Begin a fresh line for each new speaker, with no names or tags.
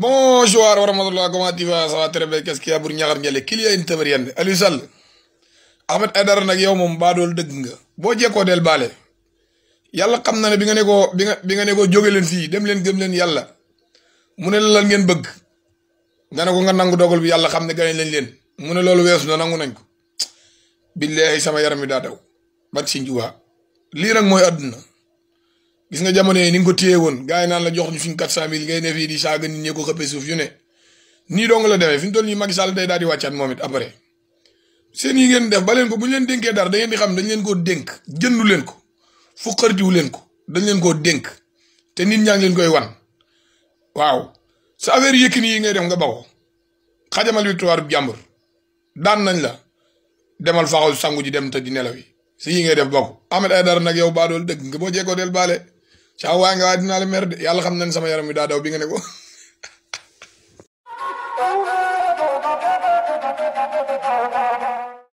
bon warahmatullah comment tu vas ça va très bien qu'est-ce qu'il y a pour ñaxar ngele kiliya in tëbër yende Aliou a Ahmed Aidara nag yow moom baadool dëgg nga boo jekkoo del baale yàlla xam na ne bi nga ne ko bi nga bi nga ne ko leen fii dem leen gëm leen yàlla mu ne lan ngeen bëgg nga ne ko nga nangu dogal bi yàlla xam ne gane lañ leen mu ne loolu weesu na nangu nañ ko billahi sama yaram mi daa daw bat si njuwaa lii nag mooy àdduna gis nga jamono yi ni nga ko téye woon gaa yi naan la jox ñu fi ñu quatre cent mille ngay ne fii di saaga nit ñi ko xëppee suuf yu ne nii dong la defee fi ñu toll nii Macky Sall day daal di wàccaat moom it après seen yi ngeen def ba leen ko bu leen dénkee da ngeen di xam dañ leen koo dénk jëndu leen ko fuqartiwu leen ko dañ leen koo dénk te nit ñaa ngi koy wan waaw sa affaire Yékini yi ngay def nga baxoo xajamal victoire bu jàmbur daan nañ la demal faxaw sangu ji dem te di nelaw yi si yi ngay def bokk Ahmed Aïdara nag baa baadool dëgg nga boo jeekoo del baale caaw waa nga waaye dinaa la mer de yàlla xam na sama yaram bi daa daw bi nga ne ko